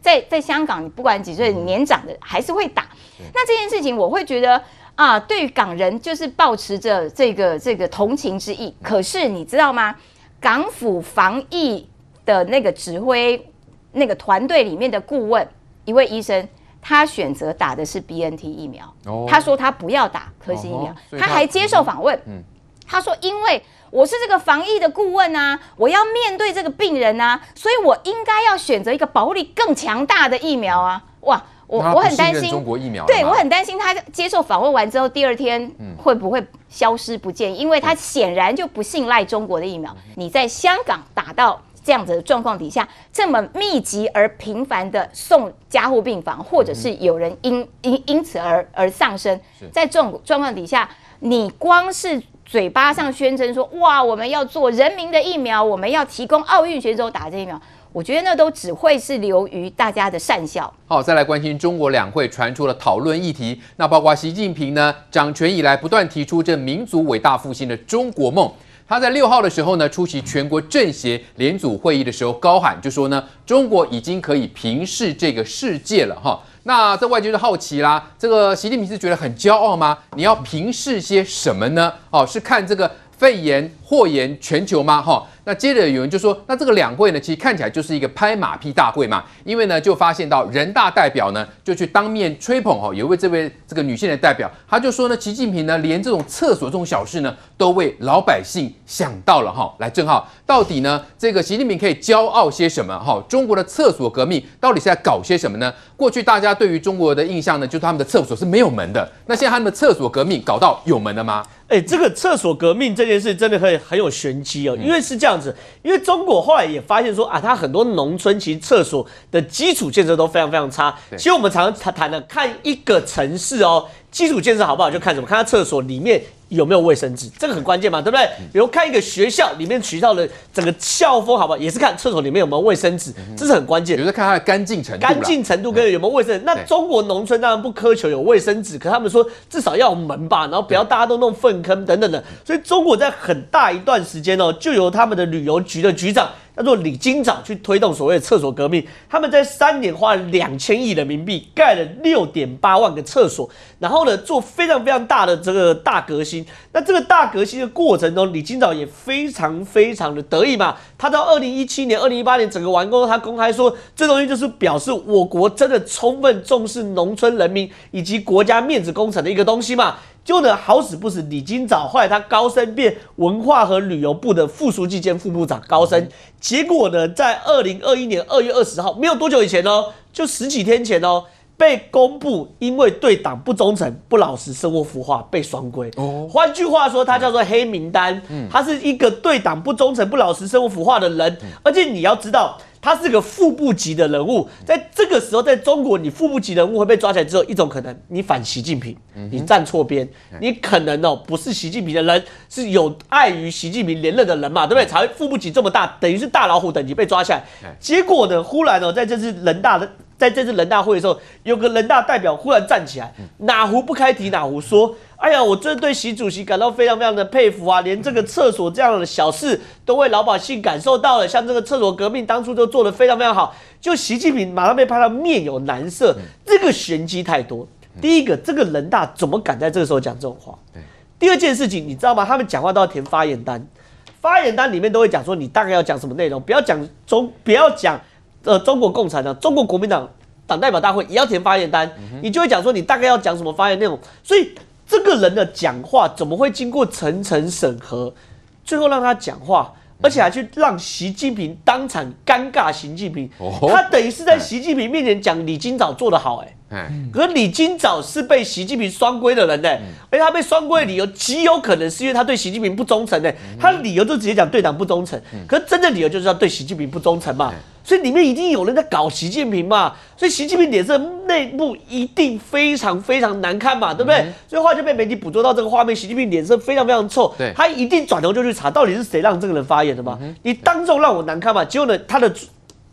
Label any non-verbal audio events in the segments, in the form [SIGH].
在在香港，你不管幾歲年長的，還是會打，嗯。那這件事情，我會覺得啊，對港人就是抱持着這個這個同情之意，嗯。可是你知道嗎？港府防疫的那個指揮那個團隊裡面的顧問，一位醫生，他選擇打的是 BNT 疫苗，哦。他說他不要打科興疫苗，哦哦他，他還接受訪問，嗯嗯，他說因為。我是這個防疫的顧問啊，我要面對這個病人啊，所以我應該要選擇一個保護力更強大的疫苗啊！哇，我我很擔心中國疫苗，對我很擔心他接受訪問完之後第二天會不會消失不見、嗯，因為他顯然就不信賴中國的疫苗。你在香港打到這樣子的狀況底下，這麼密集而頻繁的送加護病房，或者是有人因、嗯、因因，因此而而喪生，在這種狀況底下，你光是。嘴巴上宣稱說，哇，我們要做人民的疫苗，我們要提供奧運選手打這疫苗，我覺得那都只會是流於大家的訕笑。好，再來關心中國兩會傳出了討論議題，那包括習近平呢掌權以來不斷提出這民族偉大復興的中國夢，他在六號的時候呢出席全國政協聯組會議的時候高喊，就說呢，中國已經可以平視這個世界了，哈。那這外界就好奇啦，這個習近平是覺得很驕傲嗎？你要平視些什麼呢？哦，是看這個。肺炎禍延全球嗎？哈，那接着有人就說，那這個兩會呢，其實看起來就是一個拍馬屁大會嘛。因為呢，就發現到人大代表呢，就去當面吹捧哈，有一位這位這個女性的代表，他就說呢，習近平呢，連這種廁所這種小事呢，都為老百姓想到了哈。來，正好到底呢，這個習近平可以驕傲些什麼？哈，中國的廁所革命到底是在搞些什麼呢？過去大家對於中國的印象呢，就是他們的廁所是沒有門的，那現在他們的廁所革命搞到有門的嗎？哎，這個廁所革命這件事真的很很有玄機哦，因為是這樣子，因為中國後來也發現說啊，它很多農村其實廁所的基礎建設都非常非常差。其實我們常常談談的，看一個城市哦。基礎建設好不好，就看什麼？看他廁所裡面有沒有衛生紙，這個很關鍵嘛，對不對？比如看一個學校裡面取道的整個校風好不好，也是看廁所裡面有沒有衛生紙，這是很關鍵。比如說看它的乾淨程度，乾淨程度跟有沒有衛生紙、嗯。那中國農村當然不苛求有衛生紙，可他們說至少要有門吧，然後不要大家都弄糞坑等等的。所以中國在很大一段時間哦、喔，就由他們的旅遊局的局長。叫做李金早去推動所謂的廁所革命，他們在三年花了兩千億人民幣，蓋了六點八萬個廁所，然後呢，做非常非常大的這個大革新。那這個大革新的過程中，李金早也非常非常的得意嘛。他到二零一七年、二零一八年整個完工，他公開說，這東西就是表示我國真的充分重視農村人民以及國家面子工程的一個東西嘛。又呢，好死不死，李金早後來他高升，變文化和旅遊部的副書記兼副部長高升，結果呢，在二零二一年二月二十號，沒有多久以前哦，就十幾天前哦，被公布因為對黨不忠誠、不老實、生活腐化被雙規。哦，換句話說，他叫做黑名單，他是一個對黨不忠誠、不老實、生活腐化的人，而且你要知道。他是個副部級的人物，在這個時候，在中國，你副部級的人物會被抓起來只有，一種可能，你反習近平，你站錯邊，你可能哦、喔、不是習近平的人，是有礙於習近平連任的人嘛，對不對？才會副部級這麼大，等於是大老虎等級被抓起來。結果呢，忽然哦、喔，在這次人大的。在這次人大會的時候，有個人大代表忽然站起來，哪壺不開提哪壺說：“哎呀，我真的對習主席感到非常非常的佩服啊！連這個廁所這樣的小事都為老百姓感受到了，像這個廁所革命當初都做的非常非常好，就習近平馬上被拍到面有難色，這個玄機太多。第一個，這個人大怎麼敢在這個時候講這種話？第二件事情，你知道嗎？他們講話都要填發言單，發言單裡面都會講說你大概要講什麼內容，不要講中，不要講。”呃，中國共產黨、中國國民黨黨代表大會也要填發言單，嗯、你就會講說你大概要講什麼發言內容。所以這個人的講話怎麼會經過層層審核，最後讓他講話，嗯，而且還去讓習近平當場尷尬？習近平，哦、他等於是在習近平面前講李金早做得好，哎、嗯，可是李金早是被習近平雙規的人呢，嗯，而他被雙規的理由極有可能是因為他對習近平不忠誠呢，嗯，他理由就直接講對黨不忠誠，嗯，可是真的理由就是要對習近平不忠誠嘛。嗯所以裡面已經有人在搞習近平嘛，所以習近平臉色內部一定非常非常難看嘛，對不對？所以話就被媒體捕捉到這個畫面，習近平臉色非常非常臭。對，他一定轉頭就去查到底是誰讓這個人發言的嘛？你當眾讓我難看嘛？結果呢，他的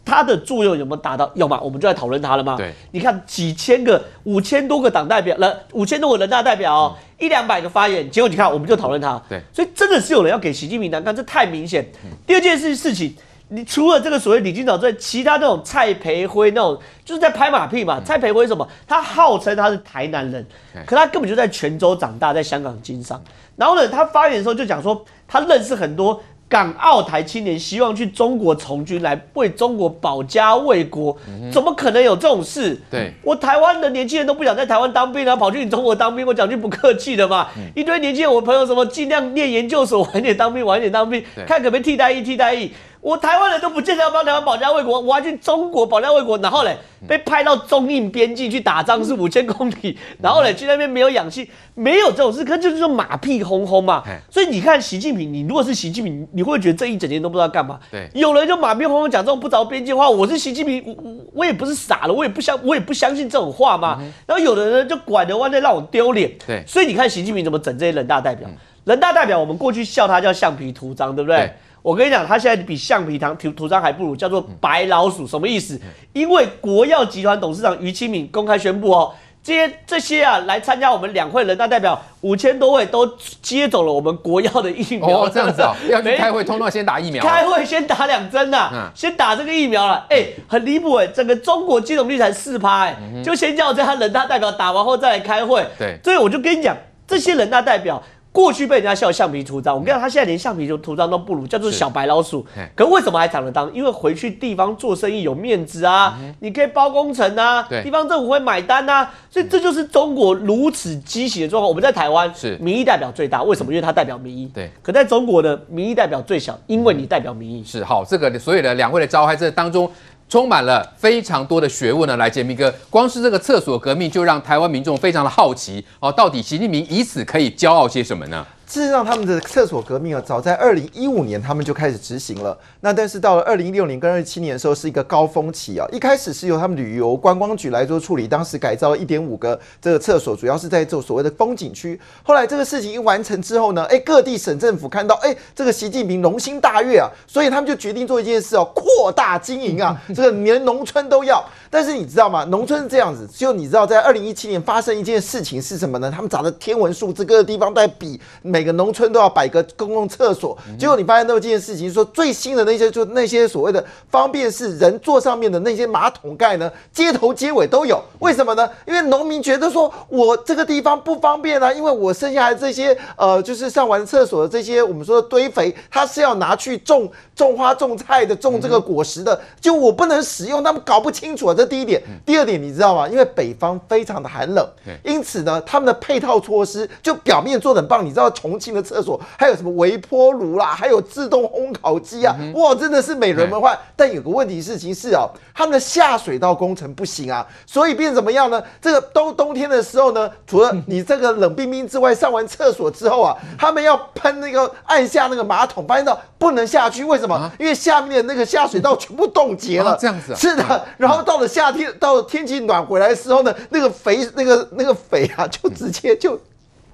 他的作用有沒有達到？有嘛？我們就在討論他了嘛？對，你看幾千個、五千多個黨代表，了五千多個人大代表、喔，一兩百個發言，結果你看，我們就討論他。對，所以真的是有人要給習近平難看，這太明顯。第二件事事情。你除了這個所謂李金早之外，其他那種蔡培輝那種就是在拍馬屁嘛。嗯、蔡培輝什麼？他號稱他是台南人，嗯，可他根本就在泉州長大，在香港經商。嗯、然後呢，他發言的時候就講說，他認識很多港澳台青年，希望去中國從軍來為中國保家衛國。嗯。怎麼可能有這種事？對、嗯、我台灣的年輕人都不想在台灣當兵啊，跑去你中國當兵，我講句不客氣的嘛，嗯，一堆年輕人，我朋友什麼盡量念研究所，晚點當兵，晚點當兵，看可不可以替代役，替代役。我台灣人都不見得要幫台灣保家衛國，我還去中國保家衛國？然後嘞被派到中印邊境去打仗是五千公里，嗯、然後嘞去那邊沒有氧氣，沒有這種事，可是就是說馬屁哄哄嘛。所以你看習近平，你如果是習近平，你會覺得這一整天都不知道幹嘛？對，有人就馬屁哄哄講這種不着邊際的話，我是習近平，我我也不是傻了，我也不相我也不相信這種話嘛。嗯、然後有的人就拐着彎的讓我丟臉。對，所以你看習近平怎麼整這些人大代表？嗯、人大代表，我們過去笑他叫橡皮圖章，對不對？對我跟你講，他現在比橡皮糖塗塗上還不如，叫做白老鼠，嗯、什麼意思、嗯？因為國藥集團董事長於清明公開宣布哦，這些這些啊，來參加我們兩會人大代表五千多位都接走了我們國藥的疫苗哦，這樣子啊、哦，每開會通常先打疫苗，開會先打兩針吶、啊嗯，先打這個疫苗了，哎、欸嗯，很離譜哎，整個中國金融 p 才四趴、欸嗯、就先叫這些人大代表打完後再來開會，對，所以我就跟你講，這些人大代表。過去被人家笑橡皮圖章，我跟你講，他現在連橡皮圖章都不如，叫做小白老鼠。可為什麼還搶著當？因為回去地方做生意有面子啊，嗯、你可以包工程啊，對，地方政府會買單啊，所以這就是中國如此畸形的狀況、嗯。我們在台灣是民意代表最大，為什麼？嗯、因為他代表民意。對。可在中國的民意代表最小，因為你代表民意、嗯。是好，這個所有的兩會的召開這個、當中。充滿了非常多的學問呢，來，潔民哥，光是這個廁所革命就讓台灣民眾非常的好奇哦，到底習近平以此可以驕傲些什麼呢？事實上，他們的廁所革命啊，早在二零一五年他們就開始執行了。那但是到了二零一六年跟二零一七年的時候，是一個高峰期啊。一開始是由他們旅遊觀光局來做處理，當時改造了一點五個這個廁所，主要是在做所謂的風景區。後來這個事情一完成之後呢，誒，各地省政府看到，誒，這個習近平龍心大悅啊，所以他們就決定做一件事哦、啊，擴大經營啊，這個連農村都要。但是你知道嗎？農村是這樣子，就你知道，在二零一七年發生一件事情是什麼呢？他們砸的天文數字，各個地方在比，每個農村都要擺個公共廁所。結果你發現那麼一件事情說，說最新的那些，就那些所謂的方便是人坐上面的那些馬桶蓋呢，街頭街尾都有。為什麼呢？因為農民覺得說我這個地方不方便啊，因為我剩下來這些呃，就是上完廁所的這些我們說的堆肥，它是要拿去種種花、種菜的，種這個果實的，就我不能使用，他們搞不清楚。這第一點，第二點你知道嗎？因為北方非常的寒冷，因此呢，他們的配套措施就表面做得很棒。你知道重慶的廁所還有什麼微波爐啦，還有自動烘烤機啊，嗯、哇，真的是美輪美奐。但有個問題事情是啊，他們的下水道工程不行啊，所以變怎麼樣呢？這個冬冬天的時候呢，除了你這個冷冰冰之外，嗯、上完廁所之後啊，他們要噴那個按下那個馬桶，發現到不能下去，為什麼？啊、因為下面那個下水道全部凍結了。這樣子啊？是的，然後到了。夏天到天氣暖回來的時候呢，那個肥那個那個肥啊，就直接就。嗯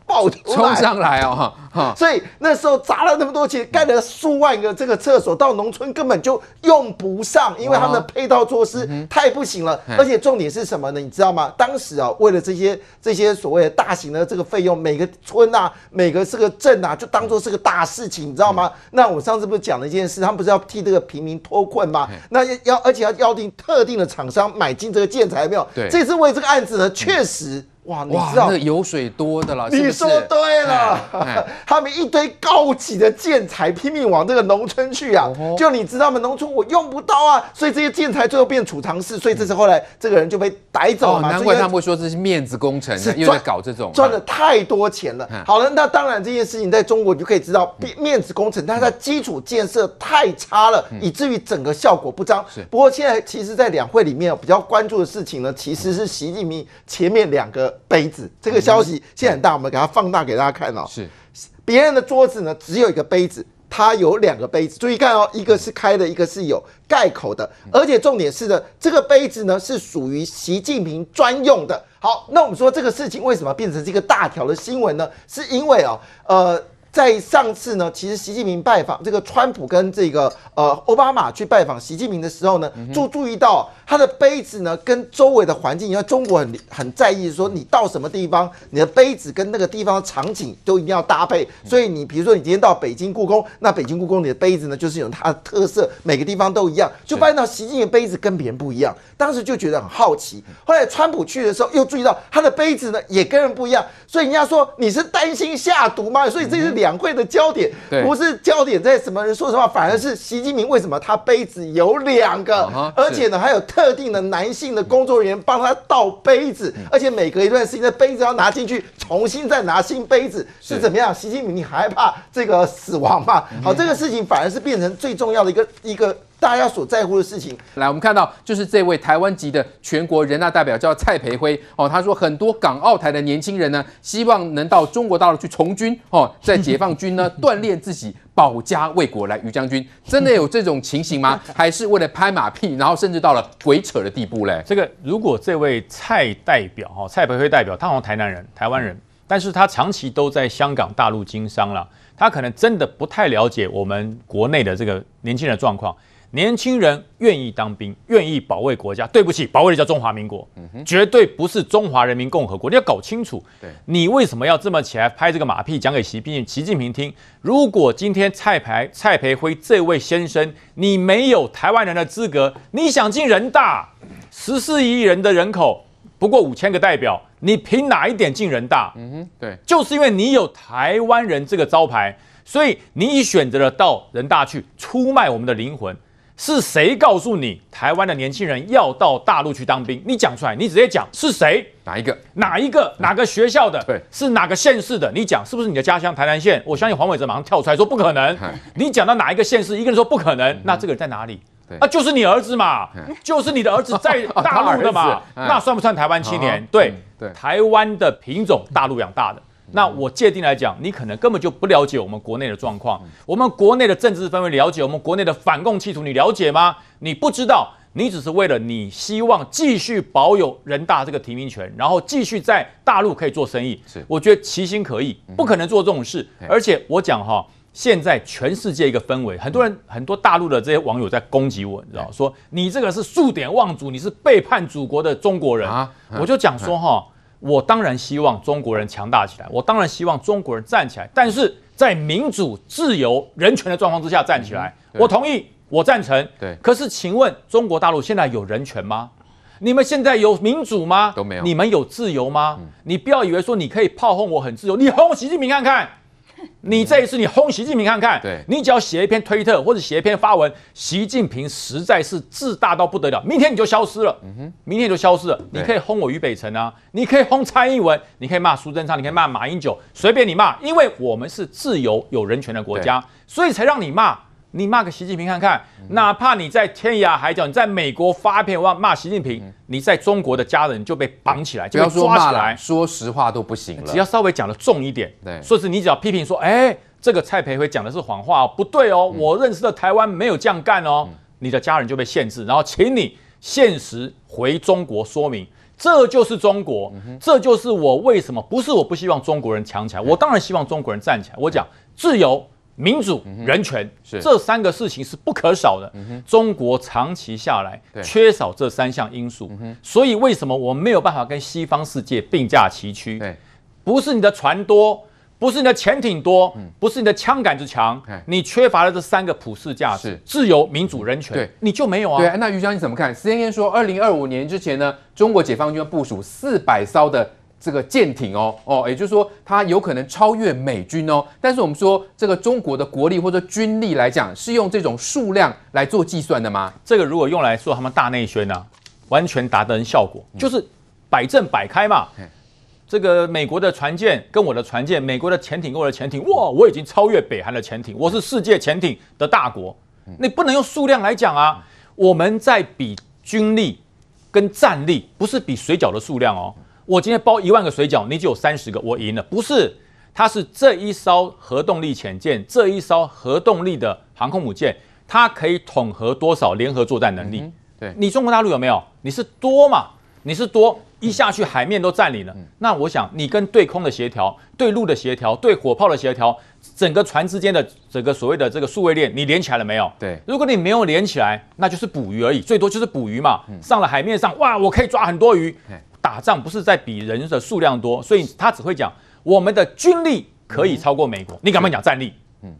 爆頭衝上來哦哈，所以那時候砸了那麼多錢，蓋了數萬個這個廁所，到農村根本就用不上，因為他們的配套措施太不行了。而且重點是什麼呢？你知道嗎？當時啊，為了這些這些所謂的大型的這個費用，每個村啊，每個這個鎮啊，就當作是個大事情，你知道嗎？那我上次不是講了一件事，他們不是要替這個平民脫困嗎？那要而且要要定特定的廠商買進這個建材，沒有？這次為這個案子呢，確實、嗯。哇，你知道哇那油水多的了，是是你說對了，他們一堆高級的建材拼命往這個農村去啊、哦，就你知道嗎？農村我用不到啊，所以這些建材最後變儲藏室，所以這是後來這個人就被逮走了、嗯哦。難怪他們會說這是面子工程，又在搞這種賺了太多錢了、嗯。好了，那當然這件事情在中國你就可以知道面子工程，但它的基礎建設太差了，嗯、以至於整個效果不彰、嗯。不過現在其實，在兩會裡面比較關注的事情呢，其實是習近平前面兩個。杯子，這個消息現在很大，嗯，我們給它放大給大家看哦。是別人的桌子呢，只有一個杯子，它有兩個杯子，注意看哦，一個是開的，一個是有蓋口的，而且重點是呢，這個杯子呢是屬於習近平專用的。好，那我們說這個事情為什麼變成這個大條的新聞呢？是因為哦，呃。在上次呢，其實習近平拜訪這個川普跟這個呃奧巴馬去拜訪習近平的時候呢，就注意到他的杯子呢跟周圍的環境，因為中國很很在意說你到什麼地方，你的杯子跟那個地方的場景都一定要搭配。所以你比如說你今天到北京故宮，那北京故宮裡的杯子呢就是有它的特色，每個地方都一樣。就發現到習近平杯子跟別人不一樣，當時就覺得很好奇。後來川普去的時候又注意到他的杯子呢也跟人不一樣，所以人家說，你是擔心下毒嗎？所以這是理。兩會的焦點不是焦點在什麼人，說實話，反而是習近平為什麼他杯子有兩個，而且呢還有特定的男性的工作人員幫他倒杯子，而且每隔一段時間的杯子要拿進去重新再拿新杯子是怎麼樣？習近平你還害怕這個死亡嗎？好、哦，這個事情反而是變成最重要的一個一個。大家所在乎的事情，來，我們看到就是這位台灣籍的全國人大代表叫蔡培輝哦，他說很多港澳台的年輕人呢，希望能到中國大陸去從軍哦，在解放軍呢鍛鍊 [LAUGHS] 自己，保家衛國。來，於將軍，真的有這種情形嗎？還是為了拍馬屁，然後甚至到了鬼扯的地步嘞？這個如果這位蔡代表哈，蔡培輝代表，他好像台南人，台灣人，但是他長期都在香港、大陸經商了，他可能真的不太了解我們國內的這個年輕人狀況。年輕人願意當兵，願意保衛國家。對不起，保衛的叫中華民國，嗯、絕對不是中華人民共和國。你要搞清楚，你為什麼要這麼起來拍這個馬屁，講給習近平、習近平聽。如果今天蔡培蔡培輝這位先生，你沒有台灣人的資格，你想進人大，十四億人的人口不過五千個代表，你憑哪一點進人大？嗯哼，對，就是因為你有台灣人這個招牌，所以你選擇了到人大去出賣我們的靈魂。是誰告訴你台灣的年輕人要到大陸去當兵？你講出來，你直接講是誰？哪一個？哪一個？哪個學校的？嗯、對、是哪個縣市的？你講，是不是你的家鄉台南縣？我相信黃偉哲馬上跳出來說不可能。嗯、你講到哪一個縣市？一個人說不可能，嗯、那這個人在哪裡？那、啊、就是你兒子嘛、嗯，就是你的兒子在大陸的嘛、哦嗯，那算不算台灣青年、哦對？對，台灣的品種，大陸養大的。嗯那我界定來講，你可能根本就不了解我們國內的狀況，嗯、我們國內的政治氛圍，了解我們國內的反共企圖，你了解嗎？你不知道，你只是為了你希望繼續保有人大這個提名權，然後繼續在大陸可以做生意。是、我覺得其心可疑，不可能做這種事。嗯、而且我講哈、嗯，現在全世界一個氛圍，很多人、嗯、很多大陸的這些網友在攻擊我，你知道、嗯，說你這個是數典忘祖，你是背叛祖國的中國人、啊嗯、我就講說哈。嗯我當然希望中國人強大起來，我當然希望中國人站起來，但是在民主、自由、人權的狀況之下站起來，嗯、我同意，我贊成。對。可是請問，中國大陸現在有人權嗎？你們現在有民主嗎？都沒有。你們有自由嗎、嗯？你不要以為說你可以炮轟我很自由，你轟習近平看看。你這一次你轟習近平看看，你只要寫一篇推特或者寫一篇發文，習近平實在是自大到不得了。明天你就消失了，明天你就消失了。你可以轟我於北辰啊，你可以轟蔡英文，你可以罵蘇貞昌，你可以罵馬英九，隨便你罵，因為我們是自由有人權的國家，所以才讓你罵。你罵個習近平看看，哪怕你在天涯海角，你在美國發一篇話罵習近平，嗯，你在中國的家人就被綁起來，嗯，就被抓起來，不要說罵了。說實話都不行了，只要稍微講得重一點，對，說是你只要批評說，誒、哎，這個蔡培輝講的是謊話，哦不對哦、嗯，我認識的台灣沒有這樣幹哦嗯，你的家人就被限制，然後請你限時回中國說明，這就是中國，嗯，這就是我為什麼不是我不希望中國人強起來，嗯，我當然希望中國人站起來，我講、嗯、自由、。民主、人權、嗯、這三個事情是不可少的。嗯、中國長期下來缺少這三項因素、嗯，所以為什麼我們沒有辦法跟西方世界並駕齊驅？不是你的船多，不是你的潛艇多，嗯、不是你的槍桿子強，你缺乏了這三個普世價值——自由、民主、嗯、人權對，你就沒有啊？對啊。那於將軍你怎麼看？CNN 說，二零二五年之前呢，中國解放軍要部署四百艘的。這個艦艇哦哦，也就是說，它有可能超越美軍哦。但是我們說，這個中國的國力或者軍力來講，是用這種數量來做計算的嗎？這個如果用來做他們大內宣呢，啊，完全達到效果，就是擺正擺開嘛，嗯。這個美國的船艦跟我的船艦，美國的潛艇跟我的潛艇，哇，我已經超越北韓的潛艇，我是世界潛艇的大國。你不能用數量來講啊，我們在比軍力跟戰力，不是比水餃的數量哦。我今天包一萬個水餃，你只有三十個，我贏了。不是，它是這一艘核動力潛艦，這一艘核動力的航空母艦，它可以統合多少聯合作戰能力、嗯？對，你中國大陸有沒有？你是多嘛？你是多一下去海面都占領了、嗯。那我想你跟對空的協調、對陸的協調、對火炮的協調，整個船之間的整個所謂的這個數位鏈，你連起來了沒有？對，如果你沒有連起來，那就是捕魚而已，最多就是捕魚嘛。上了海面上，哇，我可以抓很多魚。打仗不是在比人的數量多，所以他只會講我們的軍力可以超過美國。你敢不敢講戰力？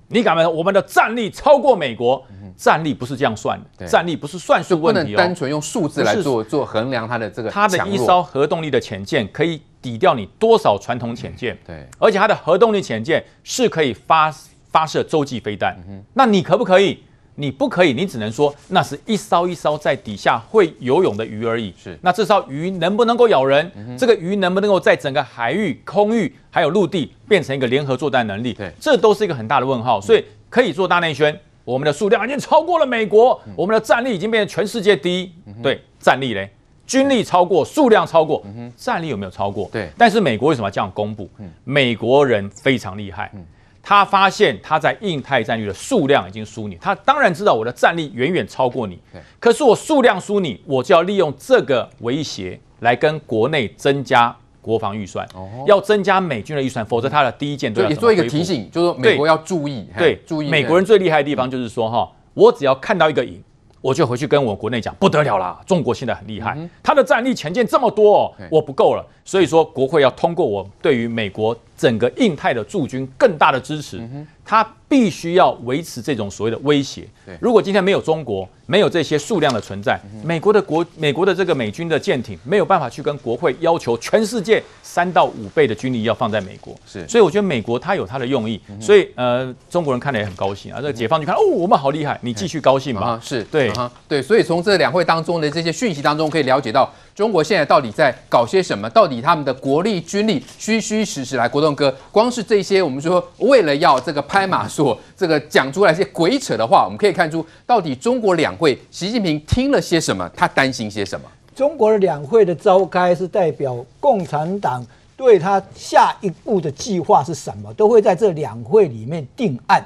你敢不敢我們的戰力超過美國？戰力不是這樣算的，戰力不是算數問題哦。不能單純用數字來做做衡量它的這個。它的一艘核動力的潛艦可以抵掉你多少傳統潛艦？對，而且它的核動力潛艦是可以發發射洲際飛彈。那你可不可以？你不可以，你只能說那是一艘一艘在底下會游泳的魚而已。是，那這艘魚能不能夠咬人？嗯、這個魚能不能夠在整個海域、空域還有陸地變成一個聯合作戰能力？對，這都是一個很大的問號。所以可以做大內宣，嗯、我們的數量已經超過了美國、嗯，我們的戰力已經變成全世界第一。嗯、對，戰力嘞，軍力超過，數量超過、嗯哼，戰力有沒有超過？對。但是美國為什麼要這樣公布？嗯、美國人非常厲害。嗯他發現他在印太戰略的數量已經輸你，他當然知道我的戰力遠遠超過你，可是我數量輸你，我就要利用這個威脅來跟國內增加國防預算，要增加美軍的預算，否則他的第一艦隊就也做一個提醒，就是說美國要注意，對，注意。美國人最厲害的地方就是說哈、哦，我只要看到一個影，我就回去跟我國內講不得了啦，中國現在很厲害，他的戰力前進這麼多，我不夠了，所以說國會要通過我對於美國。整個印太的駐軍更大的支持，他必須要維持這種所謂的威脅。如果今天沒有中國，沒有這些數量的存在，美國的國美國的這個美軍的艦艇沒有辦法去跟國會要求全世界三到五倍的軍力要放在美國。是，所以我覺得美國他有他的用意。嗯、所以呃，中國人看了也很高興啊。這個、解放軍看哦，我們好厲害，你繼續高興吧。嗯、是對哈、嗯、對，所以從這兩會當中的這些訊息當中可以了解到中國現在到底在搞些什麼？到底他們的國力、軍力虛虛實實？來，國棟哥，光是這些，我們說為了要這個拍馬說，這個講出來些鬼扯的話，我們可以看出到底中國兩會，習近平聽了些什麼？他擔心些什麼？中國的兩會的召開是代表共產黨對他下一步的計劃是什麼，都會在這兩會裡面定案。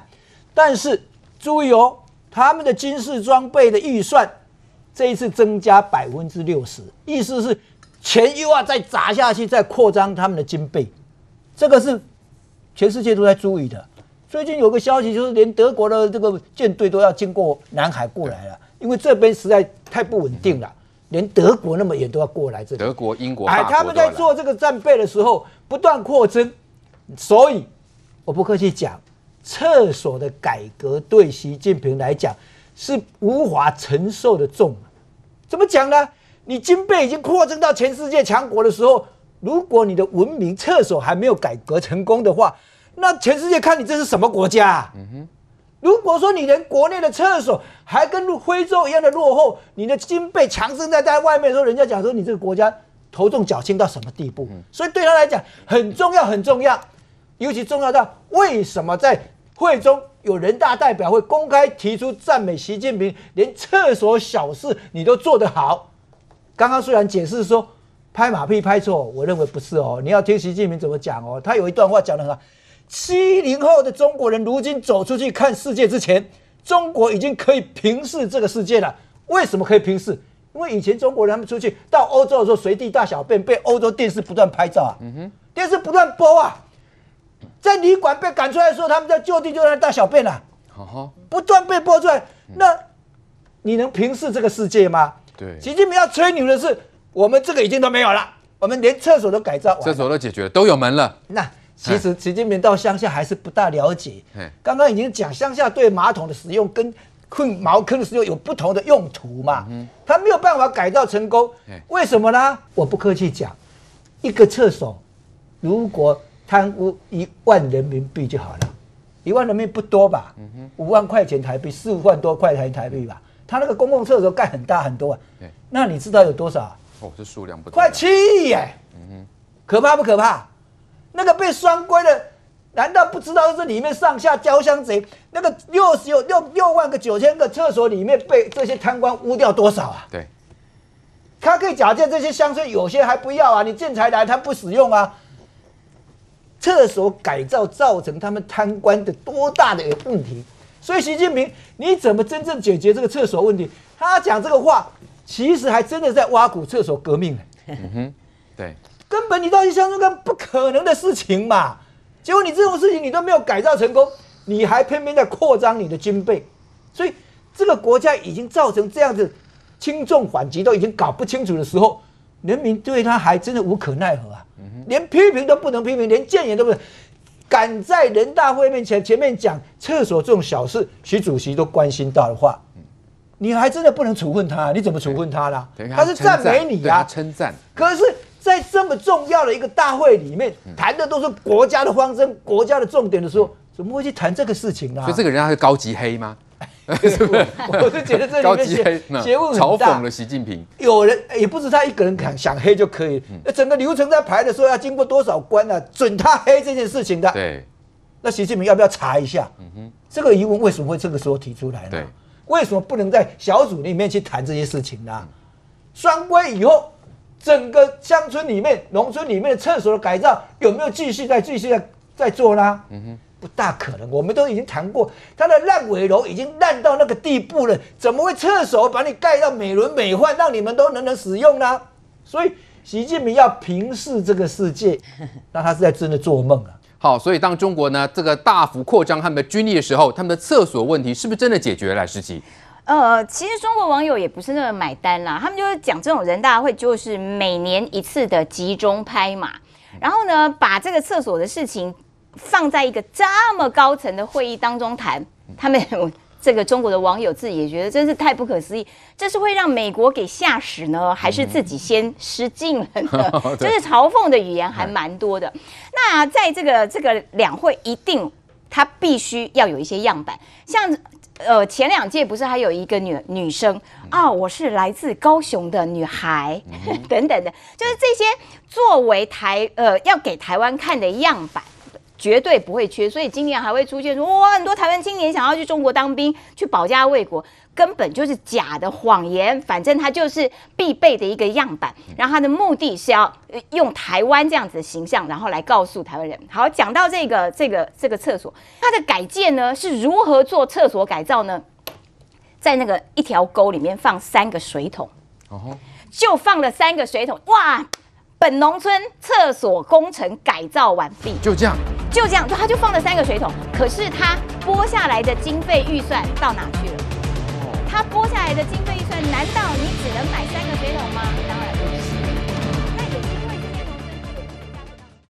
但是注意哦，他們的軍事裝備的預算。這一次增加百分之六十，意思是錢又要再砸下去，再擴張他們的軍備。這個是全世界都在注意的。最近有個消息，就是連德國的這個艦隊都要經過南海過來了，因為這邊實在太不穩定了，連德國那麼遠都要過來這裡。這德國、英國哎，他們在做這個戰備的時候不斷擴增，所以我不客氣講，廁所的改革對習近平來講是無法承受的重。怎麼講呢？你軍備已經擴張到全世界強國的時候，如果你的文明廁所還沒有改革成功的話，那全世界看你這是什麼國家，啊？嗯哼。如果說你連國內的廁所還跟非洲一樣的落後，你的軍備強盛在在外面的時候，人家講說你這個國家頭重腳輕到什麼地步？嗯、所以對他來講很重要，很重要，尤其重要到為什麼在會中？有人大代表會公開提出讚美習近平，連廁所小事你都做得好。剛剛雖然解釋說拍馬屁，拍錯，我認為不是哦。你要聽習近平怎麼講哦，他有一段話講得很好。七零後的中國人如今走出去看世界之前，中國已經可以平視這個世界了。為什麼可以平視？因為以前中國人他們出去到歐洲的時候隨地大小便，被歐洲電視不斷拍照啊，電視不斷播啊。在旅館被趕出來的時候，他們在就地就在大小便了，啊，不斷被播出來。那你能平視這個世界嗎？對，習近平要吹牛的是，我們這個已經都沒有了，我們連廁所都改造，廁所都解決了，都有門了。那其實習近平到鄉下還是不大了解。剛剛已經講鄉下對馬桶的使用跟困茅坑的使用有不同的用途嘛。嗯，他沒有辦法改造成功，為什麼呢？我不客氣講，一個廁所如果貪污一萬人民幣就好了，一萬人民幣不多吧？五萬塊錢台幣，四五萬多塊錢台幣吧。他那個公共廁所蓋很大很多啊。那你知道有多少？哦，這數量不多。快七億耶！可怕不可怕？那個被雙規的，難道不知道這裡面上下交相賊？那個六十有六六萬個九千個廁所裡面被這些貪官污掉多少啊？對，他可以假借這些鄉村，有些還不要啊，你建材來他不使用啊。廁所改造造成他們貪官的多大的問題？所以習近平，你怎麼真正解決這個廁所問題？他講這個話，其實還真的在挖苦廁所革命。對，根本你到鄉村幹不可能的事情嘛。結果你這種事情你都沒有改造成功，你還偏偏在擴張你的軍備，所以這個國家已經造成這樣子輕重緩急都已經搞不清楚的時候，人民對他還真的無可奈何啊。連批評都不能批評，連諫言都不能，敢在人大會面前前面講廁所這種小事，習主席都關心到的話，你還真的不能處分他、啊？你怎麼處分他啦？他是讚美你呀、啊，稱讚。可是，在這麼重要的一個大會裡面，談的都是國家的方針、國家的重點的時候，怎麼會去談這個事情呢、啊？所以，這個人他是高級黑嗎？ [LAUGHS] 是不是我，我就覺得這裡面節目嘲諷了習近平，有人也、欸、不是他一個人想想黑就可以、嗯，整個流程在排的時候要經過多少關啊？准他黑這件事情的。那習近平要不要查一下、嗯？這個疑問為什麼會這個時候提出來呢？為什麼不能在小組裡面去談這些事情呢？嗯、雙規以後，整個鄉村裡面、農村裡面的廁所的改造有沒有繼續在繼續在，在做呢？嗯不大可能，我們都已經談過，他的爛尾樓已經爛到那個地步了，怎麼會廁所，把你蓋到美輪美奐，讓你們都能能使用呢？所以習近平要平視這個世界，那他是在真的做夢啊！好，所以當中國呢，這個大幅擴張他們的軍力的時候，他們的廁所問題是不是真的解決了？時齊，呃，其實中國網友也不是那麼買單啦，他們就是講這種人大會就是每年一次的集中拍馬，然後呢，把這個廁所的事情。放在一個這麼高層的會議當中談，他們這個中國的網友自己也覺得真是太不可思議。這是會讓美國給嚇死呢，還是自己先失禁了呢、嗯？就是嘲諷的語言還蠻多的。哦、那在這個這個兩會一定，它必須要有一些樣板，像呃前兩屆不是還有一個女女生啊、哦，我是來自高雄的女孩、嗯、呵呵等等的，就是這些作為台呃要給台灣看的樣板。絕對不會缺，所以今年還會出現說哇，很多台灣青年想要去中國當兵，去保家衛國，根本就是假的謊言。反正它就是必備的一個樣板，然後它的目的是要用台灣這樣子的形象，然後來告訴台灣人。好，講到這個這個這個廁所，它的改建呢是如何做廁所改造呢？在那個一條溝裡面放三個水桶，哦，吼，就放了三個水桶，哇。本農村廁所工程改造完畢，就這樣，就這樣，就他就放了三個水桶。可是他撥下來的經費預算到哪去了？他撥下來的經費預算，難道你只能買三個水桶嗎？當然。